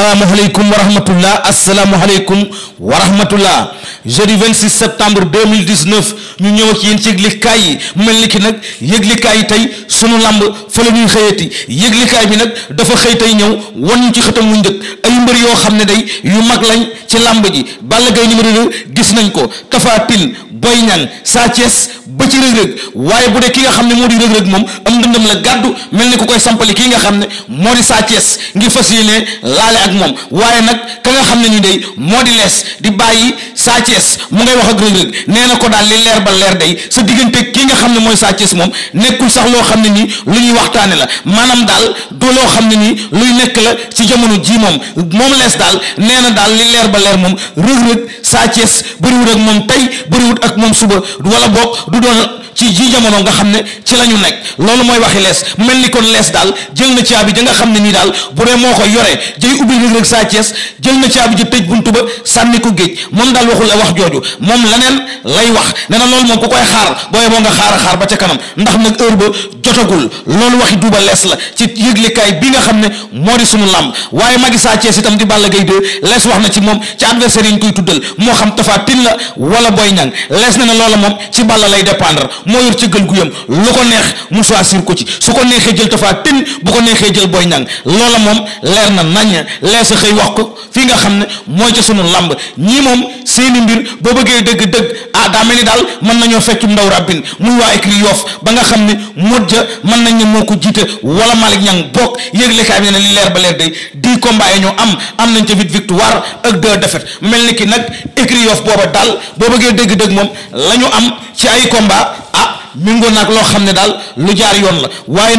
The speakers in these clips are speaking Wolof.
asalaamaaleykum wa rahmatullah asalaamaaleykum wa rahmatullah jeudi 26 septembre 2019 ñu ñëw ci yéen ci yëglikaay yi mel ni ki nag yëglikaay yi tey sunu lamb fa la ñuy xëyati yëglikaay bi nag dafa xëy tey ñëw wan ñu ci xëtam mu njëkk ay mbër yoo xam ne day yu mag lañ ci làmb ji Balla Gaye numéro 2 gis nañ ko Tapha Tine Boy Niang Sa Thiès ba ci rëg-rëg waaye bu dee ki nga xam ne moo di rëg-rëg moom am ndëndam la gàddu mel ni ku koy sampali ki nga xam ne moo di Sa Thiès ngir fas yéene laale ak moom waaye nag ka nga xam ne ni day moo di lees di bàyyi Sa Thiès mu ngay wax ak rëg-rëg nee na ko daal li leer ba leer day sa diggante kii nga xam ne mooy Sa Thiès moom nekkul sax loo xam ne nii lu ñuy waxtaane la maanaam daal doo loo xam ne nii luy nekk la ci jamono jii moom moom lees daal nee na daal li leer ba leer moom rëg-rëg Sa Thiès bëriwut moom tey bëriwut ak moom suba wala bokk du doon ci ji jamono nga xam ne ci la ñu nekk loolu mooy waxi lees mel ni kon lees daal jël na caabi ja nga xam ne nii daal bu moo ko yore biir Reug Reug Sa Thiès jël na caabi ji tëj buntu ba sànni ko géej moom daal waxul wax jooju moom leneen lay na loolu moom ku koy a xaar ca kanam la bi nga xam ne moo di sunu làmb waaye magi Sa Thiès itam di Balla Gaye 2 lees wax na ci moom ci adversaire yi koy tuddal moo xam Tapha Tine la wala Boy Niang lees na ne loola moom ci Balla lay dépendre moo yor ci gël guyam lu ko neex mu choisir ko ci su ko neexee jël Tapha Tine bu ko neexee jël Boy Niang loola moom leer na nañ lees a xëy wax ko fii nga xam ne mooy ca sunu làmb ñii moom seeni mbir boo bëggee dëgg-dëgg ah daa mel ni daal mën nañoo feccu ndaw rabbin muy waa écrit yoof ba nga xam ne mot ja mën nañ ne moo ko jiite wala malik Niang bokk yëglekaay bi ne li leer ba leer day di combat yi ñoo am am nañ ca vite victoire ak deux défaites mel ni ki nag écrit yoof booba daal boo bëggee dëgg-dëgg moom lañu am ci ay combat ah mingo nag loo xam ne daal lu jaar yoon la waaye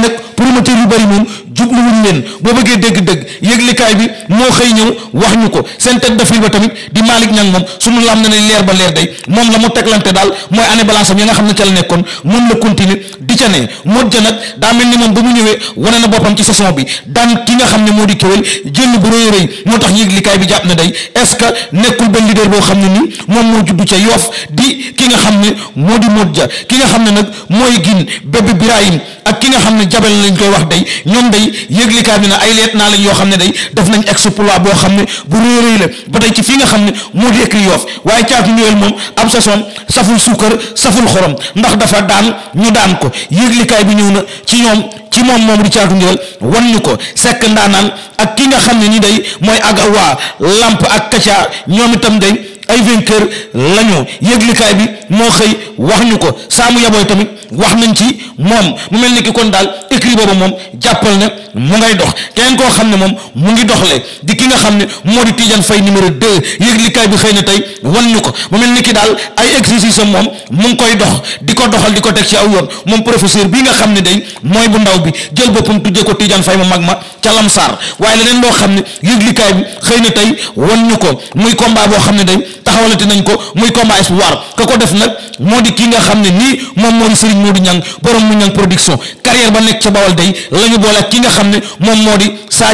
jubluwuñ leen boo bëggee dégg-dégg yëglikaay bi moo xëy ñëw wax ñu ko seen tête de file ba tamit di Malick Niang moom suñu lam ne leer ba leer day moom la mu teglante daal mooy année balance am ya nga xam ne ca la nekkoon moom la continuer di ca ne mot ja nag daa mel ni moom ba mu ñëwee wane na boppam ci saison bi daan ki nga xam ne moo di kéwél jënd bu rëy rëy moo tax yëglikaay bi jàpp na day est ce que nekkul benn leader boo xam ne nii moom moo juddu ca yoof di ki nga xam ne moo di mot ja ki nga xam ne nag mooy gin béb Birahim ak ki nga xam ne jabel lañ koy wax day tey bi na ay leet naa lañ yoo xam ne day def nañ exploit boo xam ne bu rëy rëy la ba tey ci fii nga xam ne moo di écrit yoof waaye caatu ñëwel moom am saison saful suukar saful xorom ndax dafa daan ñu daan ko yëglikaay bi ñëw na ci ñoom ci moom moom di caatu njëwal wan ñu ko sekk ndaanaan ak ki nga xam ne ni day mooy ak waa làmp ak kaca ñoom itam day ay vainqueur lañu yëglikaay bi moo xëy wax ñu ko saamu yabooy tamit wax nañ ci moom mu mel ni ki kon daal écrit boobu moom jàppal ne mu ngay dox keneen koo xam ne moom mu ngi doxle di ki nga xam ne moo di Tidiane Faye numéro deux yëglikaay bi xëy na tey wan ñu ko mu mel ni ki daal ay exercice am moom mu ngi koy dox di ko doxal di ko teg ci aw yoon moom professeur bi nga xam ne day mooy bu ndaw bi jël boppam tuddee ko tiijan Faye ma mag ma ca Lamsaar waaye leneen loo xam ne yëglikaay bi xëy na tey wan ñu ko muy combat boo xam ne day taxawalati nañ ko muy combat espoir ka ko def nag moo di kii nga xam ne nii moom moo di Serigne Modou Niang borom mu Niang production ba nekk ca Bawol day la ñu boole ki nga xam ne moom moo di Sa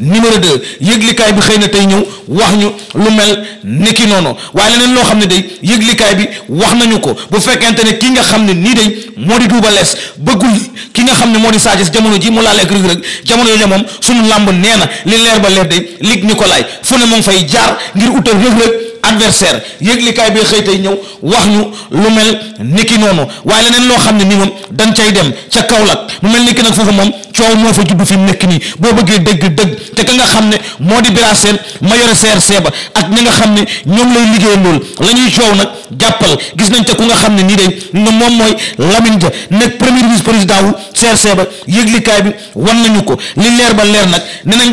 numéro 2 yëglikaay bi xëy na tey ñëw wax ñu lu mel ni ki noonu waaye leneen loo xam ne day yëglikaay bi wax nañu ko bu fekkente ne kii nga xam ne nii day moo di Double Less bëggul ki nga xam ne moo di Sa Thiès jamono ji mu laal ak Reug Reug jamono yooyu moom suñu làmb nee na li leer ba leer day lig Nicolay fu ne moom fay jaar ngir utal Reug Reug adversaire yëglikaay bi xëy tey wax ñu lu mel ni noonu waaye leneen loo xam ne ni moom dañ cay dem ca Kaolack mu mel ni ki nag foofu moom coow moo fa juddu fi mu nekk nii boo bëggee dégg dëgg te ka nga xam ne moo di Bira Sène ma yore CRC ba ak ñi nga xam ne ñoom lay liggéey lool la ñuy coow nag jàppal gis nañ ca ku nga xam ne nii day ne moom mooy Lamine Dia nekk premier vice président wu CRC ba yëglikaay bi wan nañu ko li leer ba leer nag ne ne ni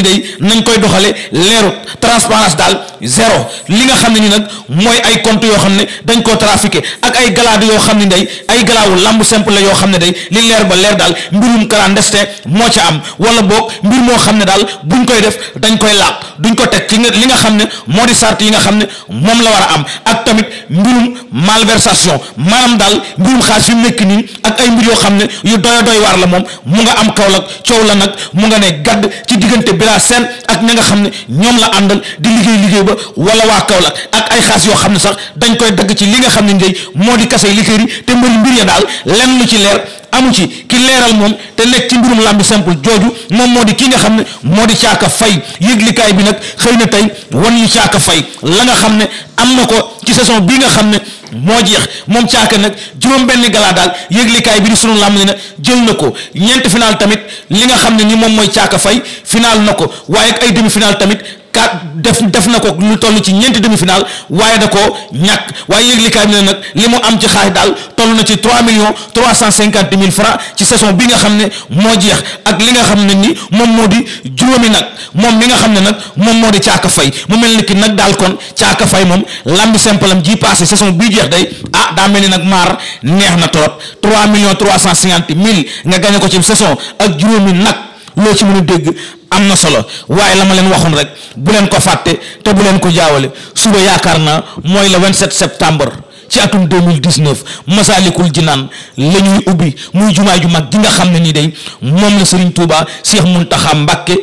day nañ koy doxale leerut transparence daal zéro li nga xam ne ni nag mooy ay compte yoo xam ne dañ koo trafiqué ak ay galaadu yoo xam ne day ay galaawu lamb simple la yoo xam ne day li leer ba leer daal mbirum clandestin moo ca am wala boog mbir moo xam ne daal buñ koy def dañ koy laab duñ ko teg ci li nga xam ne moo di sart yi nga xam ne moom la war a am ak tamit mbirum malversation maanaam daal mbirum xaalis yu nekk nii ak ay mbir yoo xam ne yu doy doy waar la moom mu nga am Kaolack coow la nag mu nga ne gàdd ci diggante Bira Sène ak ña nga xam ne ñoom la àndal di liggéey liggéey ba wala waa Kaolack ak ay xaas yoo xam ne sax dañ koy dagg ci li nga xam ne ndey moo di kase liggéey te mbir mbir ya daal lenn lu ci leer amu ci ki leeral moom te nekk ci mbirum làmbi simple jooju moom moo di ki nga xam ne moo di caaka fay yëglikaay bi nag xëy na tey wan ñu caaka fay la nga xam ne am na ko ci saison bi nga xam ne moo jeex moom caaka nag juróom-benn galaa daal yëglikaay bi di sunu làmb ne na jël na ko ñeent final tamit li nga xam ne ni moom mooy caaka fay final na ko waaye ak ay demi final tamit ka def def na ko lu toll ci ñeenti demi-finale waaye da koo ñàkk waaye yëglikaay bi ne nag li mu am ci xaalis daal toll na ci trois millions trois cent cinquante mille francs ci saison bi nga xam ne moo jeex ak li nga xam ne ni moom moo di juróomi nag moom mi nga xam ne nag moom moo di caaka fay mu mel ni ki nag daal kon caaka fay moom lambi simple am ji passé saison bii jeex day ah daa mel ni nag maar neex na trop trois millions trois cent cinquante mille nga gagné ko ci saison ak juróomi nag loo ci mën a dégg am na solo waaye la ma leen waxoon rek bu leen ko fàtte te bu leen ko jaawale suba yaakaar naa mooy la le 27 septembre ci atum 2019 Masaalikul Jinaan la ñuy ubbi muy jumaa ju mag gi nga xam ne nii day moom la Serigne Touba Cheikh Mountakha Mbacké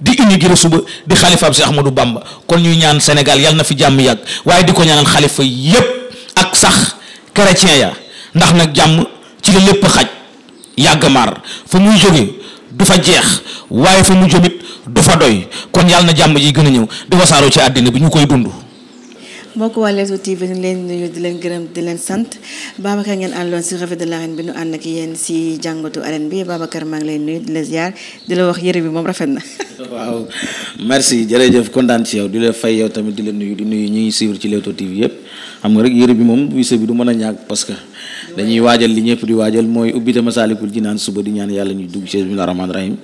di inaugurer suba di xalifaam Cheikh Ahmadou Bamba kon ñuy ñaan Sénégal yal na fi jàmm yàgg waaye di ko ñaanal xalifa yépp ak sax chrétien ya ndax nag jàmm ci la lépp xaj yàgg fa muy jógee. du fa jeex waaye fa mu jëmit du fa doy kon yàlla na jàmm ji gën a ñëw di wasaaroo ci àddina bi ñu koy dund mbokk waa Leewtoo TV ñu leen nuyu di leen gërëm di leen sant Babacar ngeen àndoon si revue de l'arène bi ñu ànd ak yéen si jàngatu arène bi Babacar maa ngi lay nuyu di la ziar di la wax yëre bi moom rafet na. waaw merci jërëjëf kontaan ci yow di la fay yow tamit di leen nuyu di nuyu ñuy suivre ci Leewtoo TV yëpp xam nga rek yëre bi moom wise bi du mën a ñàkk parce que dañuy waajal li ñëpp di waajal mooy ubbite masaalikul jinaan suba di ñaan yàlla ñu dugg ci bismillah rahmaan rahim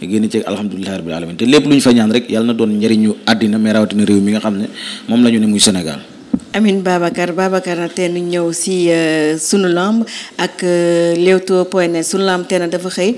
génn ci alhamdulillahi rabbil alamin te lépp lu ñu fa ñaan rek yàlla na doon njëriñu àddina mais rawatina réew mi nga xam ne moom lañu ñu ne muy Sénégal Amin Babacar Babacar tey ñu ñëw si euh, sunu lamb ak euh, Leewtoo point net sunu lamb tey dafa xëy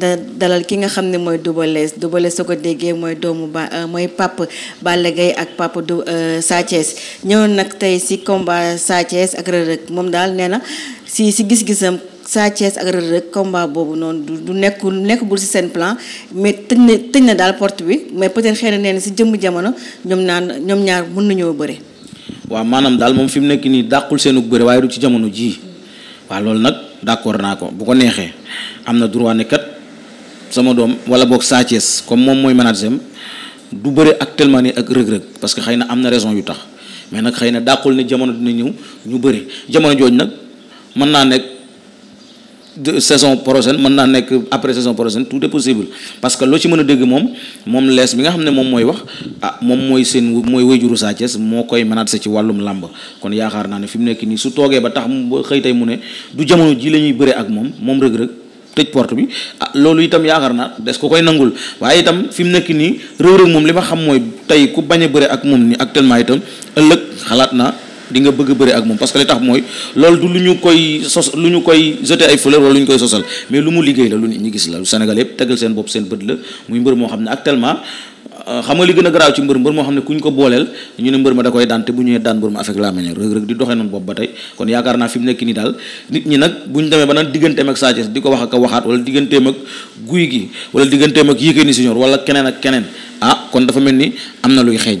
da dalal ki nga xam ne mooy Double Less Double ko déggee mooy doomu ba euh, mooy Pape Balla ak Pape du Sa Thiès ñëwoon nag tey si combat Sa Thiès ak moom daal nee na si si gis-gisam. Sa Thiès ak Reug boobu noonu du nekkul nekkul ci seen plan mais tëj na tëj na daal porte bi mais peut-être xëy na nee na ci jëmm jamono ñoom naan ñoom ñaar mën nañoo bëre. waaw maanaam daal moom fi mu nekk nii dàqul seenu bëre waaye du ci jamono jii waaw loolu nag d'accord naa ko bu ko neexee am na droit ne sama doom wala boog Sa comme moom mooy manager du bëre actuellement nii ak rëg-rëg parce que xëy na am na raison yu tax mais nag xëy na dàqul ne jamono dina ñëw ñu bëre jamono jooju nag mën naa nekk. saison prochaine mën naa nekk après saison prochaine tout est possible parce que loo ci mën a dégg moom moom lees bi nga xam ne moom mooy wax ah moom mooy seen mooy wéyjuru Sa Thiès moo koy menacer ci wàllum làmb kon yaakaar naa ne fi mu nekk nii su toogee ba tax mu xëy tey mu ne du jamono ji la ñuy bëree ak moom moom Reug Reug tëj porte bi ah loolu itam yaakaar naa des ko koy nangul waaye itam fi mu nekk nii Reug Reug moom li ma xam mooy tey ku bañ a bëre ak moom nii actuellement itam ëllëg xalaat naa di nga bëgg bëri ak moom parce que li tax mooy loolu du lu ñu koy sos lu ñu koy jeté ay fleur wala lu ñu koy sosal mais lu mu liggéey la lu nit ñi gis la lu Sénégal yëpp tegal seen bopp seen bët la muy mbër moo xam ne actuellement euh, xam nga li gën a garaaw ci mbër mbër moo xam ne ku ñu ko booleel ñu ne mbër ma da koy daan te bu ñëwee daan mbër ma avec la manière rëg rëg di doxee noonu bopp ba tey kon yaakaar naa fi mu nii daal nit ñi nag bu ñu demee ba naan digganteem Sa Thiès di ko a guy gi wala digganteem ak Yékini Senior wala keneen ak keneen ah kon dafa mel ni am na luy xeeñ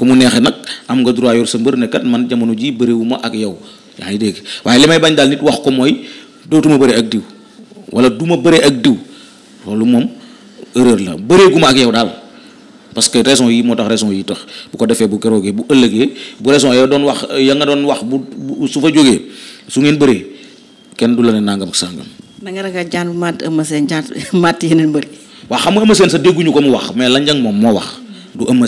ku mu neexee nag am nga droit yor sa mbër ne kat man jamono ji bëriwuma ak yaw yaa ngi dégg waaye li may bañ daal nit wax ko mooy dootuma bëri ak diw wala du ma bëri ak diw loolu moom erreur la bëreeguma ak yow daal parce que raison yi moo tax raison yi tax bu ko defee bu keroogee bu ëllëgee bu raison yow doon wax ya nga doon wax bu su fa jógee su ngeen bëree kenn du la ne nangam ak sàngam. da nga ragal jaan màtt Eumeu Sène jaan màtt yeneen bëri. waaw xam ko mu wax mais la njang moom moo wax du Eumeu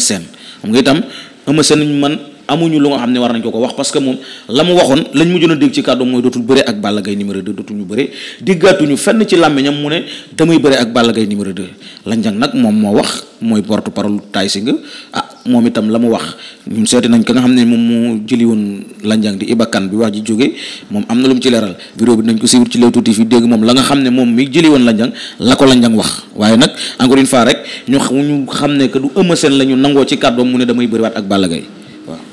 xam nga itam Eumeu Sène man amuñu lu nga xam ne war nañ ko ko wax parce que moom la mu waxoon lañ mujjoon a dégg ci kàddu mooy dootul bëre ak Balla Gaye numéro 2 dootuñu bëre diggaatuñu fenn ci làmmiñam mu ne damay bëre ak Balla Gaye numéro 2 la njang nag moom moo wax mooy porte parole taay si nga ah moom itam la mu wax ñun seeti nañ ka nga xam ne moom mu jëli woon lanjang di ibakan bi wax ji jóge moom am na lu mu ci leeral vidéo bi nañ ko suivre ci Leewtoo TV dégg moom la nga xam ne moom mi jëli woon lanjang la ko lanjang wax waaye nag encore une fois rek ñu ñu xam ne que du Eumeu Sène la ñu nangoo ci kàddoom mu ne damay bëriwaat ak Balla Gaye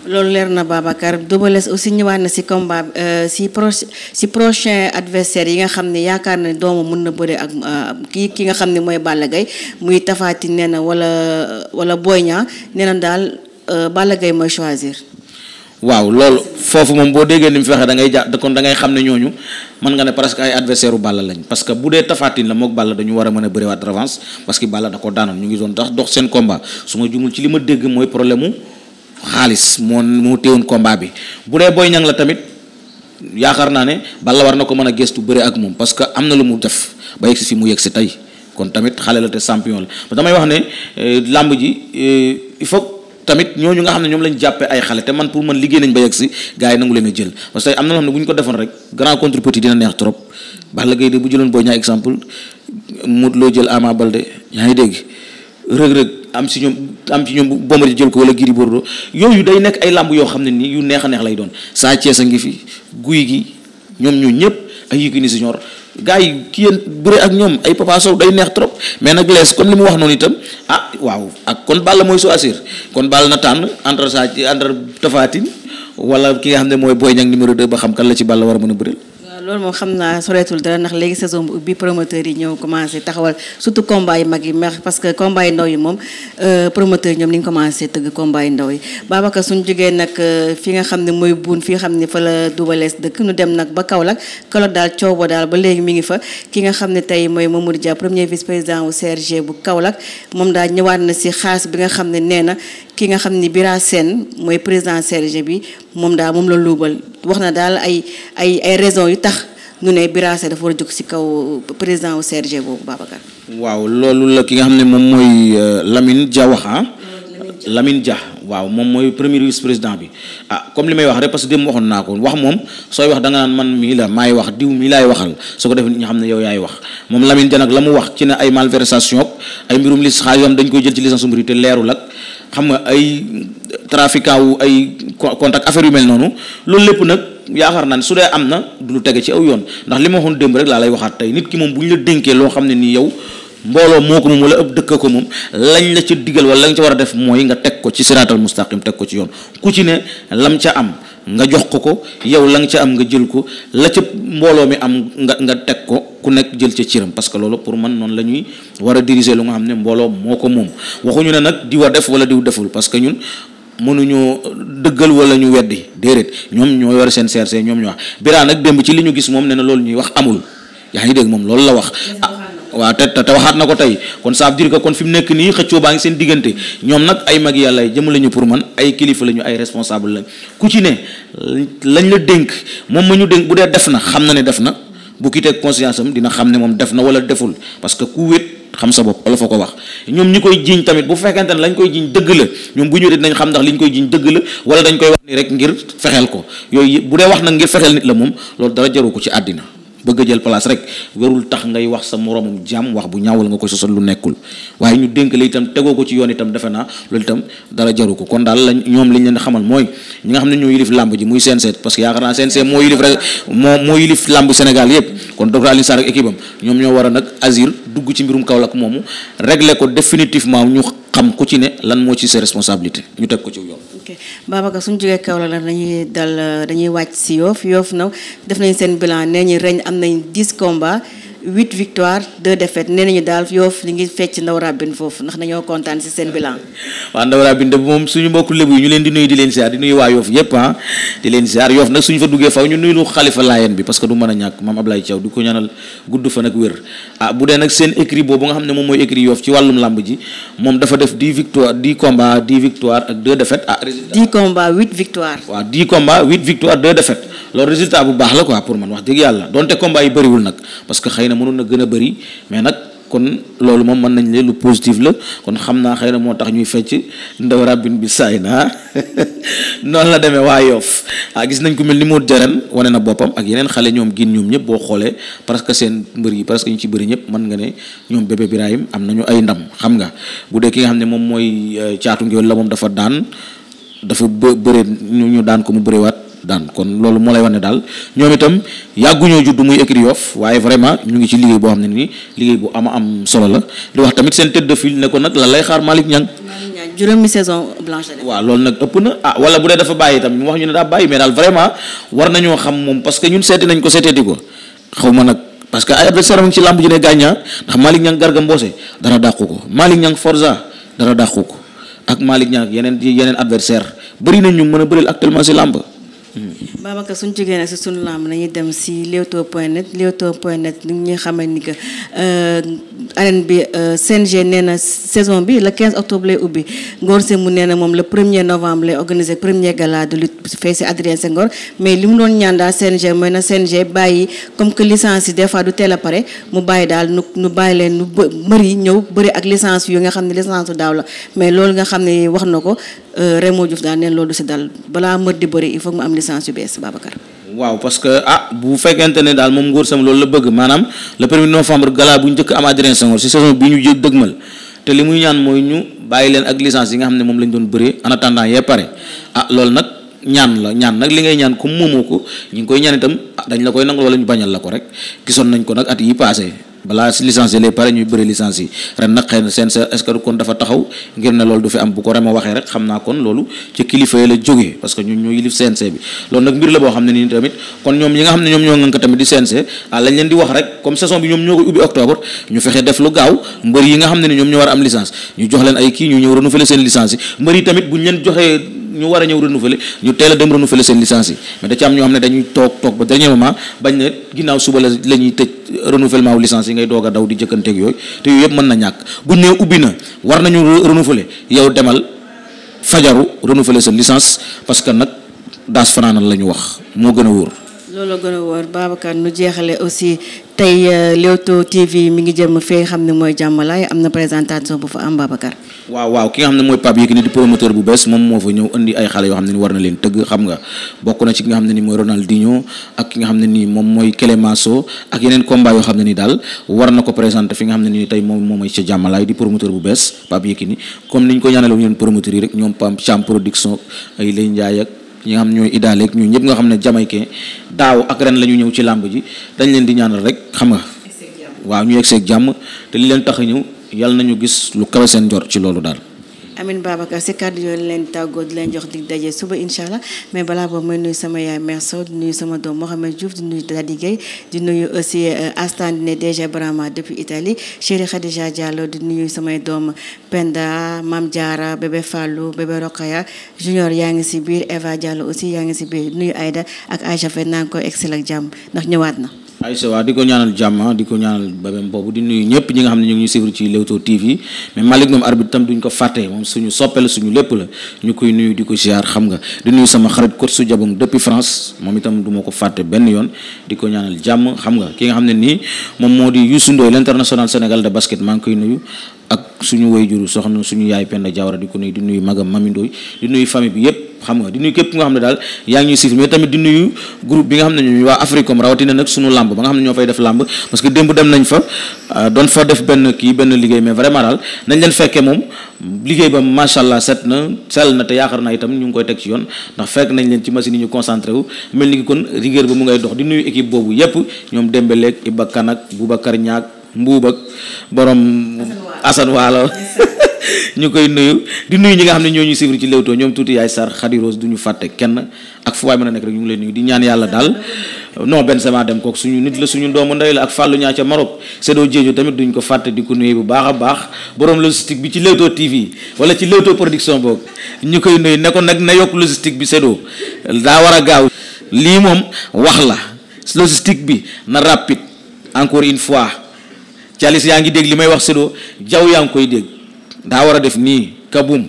loolu leer na Babacar Double Less aussi ñëwaat na si combat si pro si prochain adversaire yi nga xam ne yaakaar na doomu mën na bëre ak euh, kii ki nga xam ne mooy Balla Gaye muy Tapha Tine nee na wala wala Boy Niang nee na daal euh, Balla Gaye mooy choisir. waaw loolu foofu moom boo déggee ni mu fexe da ngay ja kon da ngay xam ne ñooñu mën nga ne presque ay adversaire u Balla lañ parce bu dee Tapha la mook Balla dañu war a mën a bëriwaat revanche parce que Balla da ko daanoon ñu ngi doon tax dox seen combat su ma ci li ma dégg mooy problème xaalis moo moo téewoon combat bi bu dee Boy Niang la tamit yaakaar naa ne Balla war na ko mën a gëstu bëre ak moom parce que am na lu mu def ba yegg si fi mu yegg si tey kon tamit xale la te champion la damay wax ne eh, làmb ji eh, il faut. tamit ñooñu nga xam ne ñoom lañ jàppe ay xale te man pour man liggéey nañ ba yegg si gars yi nangu leen jël parce que am na loo xam ne bu ñu ko defoon rek grand contre petit dina neex trop Balla Gaye de bu jëloon Boy Niang exemple Modou Lo jël Ama Baldé yaa ngi dégg rëg-rëg am si ñoom am ci ñoom Bombardier jël ko wala Gris Bordeaux yooyu day nekk ay làmb yoo xam ne nii yu neex a neex lay doon Sa Thiès a ngi fi guy gi ñoom ñu ñëpp ay Yékini si ñor gars yi ki yéen bëre ak ñoom ay Papa day neex trop mais nag lees comme li mu wax noonu itam ah waaw ak kon Balla mooy soo assir kon Balla na tànn entre sa entre Tapha Tine wala ki nga xam ne mooy Boy Niang numéro 2 ba xam kan la ci Balla war a mën a bëreel loolu moom xam naa soreetul dara ndax léegi saison bu ubbi promoteur yi ñëw commencé taxawal surtout combat yi mag yi mer parce que combat yi ndaw yi moom euh, promoteur yi ñoom ni ñu commencé tëgg combat ndaw yi Babacar suñu jógee nag euh, fi nga xam ne mooy buun fi nga xam ne fa la dubalees dëkk nu dem nag ba Kaolack Kaolack daal cooba daal ba léegi mi ngi fa ki nga xam ne tey mooy moom Mamadou Dia premier vice président wu CRG bu Kaolack moom daal ñëwaat na si xaas bi nga xam ne nee na ki nga xam ni Bira Sène mooy président CRG bi moom daal moom la luubal wax na daal ay ay ay raisons yu tax ñu ne Bira Sène dafa war a jóg ci kaw président wu waaw loolu la ki nga xam ne moom mooy euh, Lamine Dia wax ah. Lamine Dia waaw moom mooy premier vice président bi ah comme li may wax rek parce que démb waxoon naa ko wax moom sooy wax da nga naan man mii la maay wax diw mii laay waxal su ko defee nit xam ne yow yaay wax moom Lamine Dia nag la mu wax ci ne ay malversation ak ay mbirum lis xaalis yoo dañ koy jël ci licence mbir te leerul ak. xam nga ay trafiquant wu ay contact affaire yu mel noonu loolu lépp nag yaakaar naa ne su dee am na du lu tege ci aw yoon ndax li ma waxoon démb rek laa lay waxaat tey nit ki moom bu ñu la dénkee loo xam ne ni yow mbooloo moo ko moom wala ëpp dëkk ko moom lañ la ca digal wala lañ ca war a def mooy nga teg ko ci siraatal mustaqim teg ko ci yoon ku ci ne lam ca am nga jox ko ko yow la nga ca am nga jël ko la ca mbooloo mi am nga nga teg ko ku nekk jël ca ciram parce que loolu pour man noonu la ñuy war a lu nga xam ne mbooloo moo ko moom waxuñu ne nag di war def wala diw deful parce que ñun mënuñoo dëggal wala ñu weddi déedéet ñoom ñoo yore seen CRC ñoom ñu wax Birane nag démb ci li ñu gis moom ne na loolu ñuy wax amul yaa ngi dégg moom loolu la wax waaw te te waxaat na ko tey kon ça veut dire kon fi mu nekk nii xëccoo baa ngi seen diggante ñoom nag ay mag yàlla yi jëm la ñu pour man ay kilifa la ñu ay responsable la ku lañ la dénk moom ma ñu dénk dee def na xam na ne def na bu kitee conscience dina xam ne moom def na wala deful parce que ku wét xam sa bopp wala foo ko wax ñoom ñi koy jiiñ tamit bu fekkante ne lañ koy jiiñ dëgg la ñoom bu ñëwee dinañ xam ndax liñ koy jiiñ dëgg la wala dañ koy wax ni rek ngir fexeel ko yooyu bu dee wax nag ngir fexeel nit la moom loolu dara jaru ko ci àddina bëgg a jël place rek warul tax ngay wax sa moroomum jàmm wax bu ñaawal nga ko sosal lu nekkul waaye ñu dénk la itam tegoo ko ci yoon itam defe naa loolu itam dara jaru ko kon daal la ñoom liñ leen xamal mooy ñi nga xam ne ñoo yilif làmb ji muy CNG parce que yaakaar naa CNG moo yilif rek moo moo yilif làmb Sénégal yëpp kon docteur Alioune Sarr ak équipe ñoom ñoo war a nag asir dugg ci mbirum Kaolack moomu régler ko définitivement ñu xam ku ci ne lan moo ci sa responsabilité ñu teg ko ci yoon. ok Babacar suñu kaw la nag dañuy dal dañuy wàcc si yoof Yoff nag def nañ seen bilan nee ñi reñ am nañ diis combats. huit victoires deux défaites nee nañu daal Yoff li ngi fecc ndaw rabine foofu ndax dañoo kontaan si seen bilan. waaw ndaw rabine de moom suñu mbokku lébu yi ñu leen di nuyu di leen ziar di nuyu waa Yoff yëpp ah, di leen ziar Yoff nag suñu fa duggee faw ñu nuyu lu xalifa laayeen bi parce que du mën a ñàkk maam Ablaye Thiaw di ko ñaanal gudd fa nag wér ah bu dee nag seen écrit boobu nga xam ne moom mooy écrit Yoff ci wàllum làmb ji moom dafa def dix victoire dix mënoon na gën a bëri mais nag kon loolu moom mën nañ leen lu positif la kon xam naa xay na moo tax ñuy fecc ndaw rabin bi saay na noonu la demee waa Yoff ah gis nañ ko mel ni moo jaren wane na boppam ak yeneen xale ñoom gin ñoom ñëpp boo xoolee parce que seen mbër yi parce que ñu ci bëri ñëpp mën nga ne ñoom bébé Birahim am nañu ay ndam xam nga bu dee ki nga xam ne moom mooy euh, caatu ngéwél la dafa daan dafa mu bëriwaat. daan kon loolu moo lay wane daal ñoom itam yàgguñoo judd muy écurie Yoff waaye vraiment ñu ngi ci liggéey boo xam ne nii liggéey bu ama am solo la di wax tamit seen tête de file ne ko nag lan lay xaar Malick Niang juróomi saison blanche la. waaw loolu nag ëpp na ah wala bu dee dafa bàyyi itam wax ñu ne daa bàyyi mais daal vraiment war nañoo xam moom parce que ñun seeti nañ ko seeteeti ko xaw ma nag parce que ay adversaire am ci làmb ji ne gàññaa ndax Malick Niang Garga Mbossé dara dàqu ko Malick Niang Forza dara dàqu ko ak Malick Niang yeneen yeneen adversaire bëri na ñu mën a bëreel actuellement si làmb Babacar suñ jógee nag si suñu lamb nañuy dem si Leewtoo point net Leewtoo point net li ñuy xamal ni que euh, arène bi euh, CNG nee na saison bi le 15 octobre lay ubbi Ngor Sène mu nee na moom le premier novembre lay organiser premier gala de lutte fee si Adrien Senghor mais li mu doon ñaan daal CNG mooy na CNG bàyyi comme que licence yi des fois du teel a pare mu bàyyi daal nu nu bàyyi leen nu bë mbër yi ñëw bëri ak licence yu nga xam ne licence daaw la mais loolu nga xam ne wax na ko. Euh, Raymond Diouf daal neen loolu du si dal balaa mbër di bëri il faut mu am licence yu bees Babacar. waaw parce que ah bu fekkente ne daal moom Ngor Sam loolu la bëgg maanaam le premier novembre gala bu njëkk am Adrien Senghor si saison bi ñu jë dëgmal te li muy ñaan mooy ñu bàyyi leen ak licence yi nga xam ne moom lañ doon bëree en attendant yee pare ah loolu nag ñaan la ñaan nag li ngay ñaan comme moomoo ko ñu ngi koy ñaan itam ah, dañ la koy nangu wala ñu bañal la ko rek gisoon nañ ko nag at yi passé balaa licence yi lay pare ñuy bëri licence yi ren nag xëy na seen sa est-ce que kon dafa taxaw ngir ne loolu du fi am bu ko rema waxee rek xam naa kon loolu ci kilifa yi la jógee parce que ñun ñoo yilif CNC bi loolu nag mbir la boo xam ne nii tamit kon ñoom yi nga xam ne ñoom ñoo ngënk tamit di CNC ah lañ leen di wax rek comme saison bi ñoom yi nga xam ne ni ñoom ñoo war a am licence ñu jox leen ay kii ñu ñëw renouveler seen licence yi mbër yi tamit am ñoo xam ne dañuy toog toog ba yi ngay doog a daw di jëkkanteeg yooyu te yooyu yëpp mën na ñàkk bu nee ubbi na war nañu renouveler yow demal fajaru renouveler sa licence parce que nag daas fanaanal la ñu wax moo gën a wóor loolu gën a wóor Babacar nu jeexale aussi tey euh, Leewtoo TV mi ngi jëm fee xam ne mooy jàmmalaay am na présentation bu fa am Babacar. waaw waaw ki nga xam ne mooy Pape Yékini di promoteur bu bees moom moo fa ñëw indi leen tëgg xam na ci ki nga xam ne ni nii moom mooy Clémenceau ak yeneen combat yoo xam ne ni daal war na ko présenter fi nga xam ne ni tey moom moom mooy ca jàmmalaay di promoteur bu bees Pape Yékini comme ni ñu ko ñaanale wu ñu leen promoteur yi rek ñoom Pam Cham production ay Lay Ndiaye ak ñi nga xam ñooy idaaleeg ñu ñëpp nga xam ne jamaïcain daaw ak ren la ñu ñëw ci làmb ji dañ leen di ñaanal rek xam nga waaw ñu yegg seeg jàmm te li leen tax a ñëw yàlla nañu gis lu kawe seen jor ci loolu daal Amin Babacar si kàddu leen tàggoo di leen jox dig daje suba incha allah mais balaa boobu may nuyu sama yaay mère Sow di nuyu sama doom Mohamed Diouf di nuyu Dadi Gueye di nuyu aussi euh, Astandine DG Brahma depuis Italie Chéri Khadija Diallo di nuyu samay doom Penda Mam Diara bébé Fallou bébé Rokhaya Junior yaa ngi si biir Eva Diallo aussi yaa ngi si biir nuyu Aïda ak Aïcha Faye naan ko excel ak jàmm ndax ñëwaat na. ay waa di ko ñaanal jàmma ah, di ko ñaanal babem boobu di nuyu ñëpp ñi nga xam ne ñu ngi ñu suivre ci Leewtoo TV mais Malick moom arbitre tam duñ ko fàtte moom suñu soppe la suñu lépp la ñu koy nuyu di ko ziar xam nga di nuyu sama xarit coach su jabong depuis France moom itam du ma ko fàtte yoon di ko ñaanal jàmm xam nga ki nga xam ne nii moom moo di Youssou Ndoye l'international Sénégal de basket maa ngi koy nuyu ak suñu wayjuru ne suñu yaay Penda Diawara di ko nuyu di nuyu magam Mami Ndoye di nuyu famille bi yëpp xam nga di nuyu képp nga xam ne daal yaa ngi ñuy suivre mais tamit di nuyu groupe bi nga xam ne ñu waa Africom rawatina nag sunu làmb ba nga xam ne ñoo fay def làmb parce que démb dem nañ fa euh, doon fa def benn kii benn liggéey mais vraiment daal nañ leen fekkee moom liggéey ba macha allah set na sell na te yaakaar naa itam ñu ngi koy teg ci yoon ndax fekk nañ leen ci machine yi ñu concentré wu mel ni ki kon rigueur ba mu ngay dox di nuyu équipe boobu yépp ñoom Dembélé ak Iba Kane ak Boubacar Niang Mbuub ak borom Assane ñu koy nuyu di nuyu ñi nga xam ne ñoo ñuy suivre ci Leewtoo ñoom tuuti yaay Sarr Khady Rose ñu fàtte kenn ak fu waay mën a nekk rek ñu ngi leen nuyu di ñaan yàlla daal non benn sama dem kook suñu nit la suñu doomu ndey la ak fàllu ñaa ca Maroc Seydou Diédhiou tamit duñ ko fàtte ko nuyu bu baax a baax borom logistique bi ci Leewtoo TV wala ci Leewtoo production boog ñu koy nuyu ne ko nag na yokk logistique bi Seydou daa war a gaaw lii moom wax la logistique bi na rapide encore une fois Thialis yaa ngi dégg li may wax Seydou jaw yaa ngi koy dégg. daa war a def nii kabum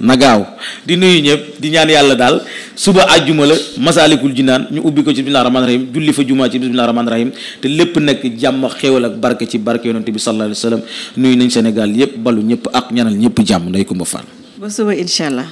na gaaw di nuyu ñëpp di ñaan yàlla daal suba àjjuma la masaalikul jinaan ñu ubbi ko ci bismillah rahmaan rahim julli fa jumaa ci bismillah rahmaan rahim te lépp nekk jàmm xéewal ak barke ci barke yonante bi sallallahu alayhi wa nuyu nañ Sénégal yëpp balu ñëpp ak ñaanal ñëpp jàmm nday Kumba Fall ba suba incha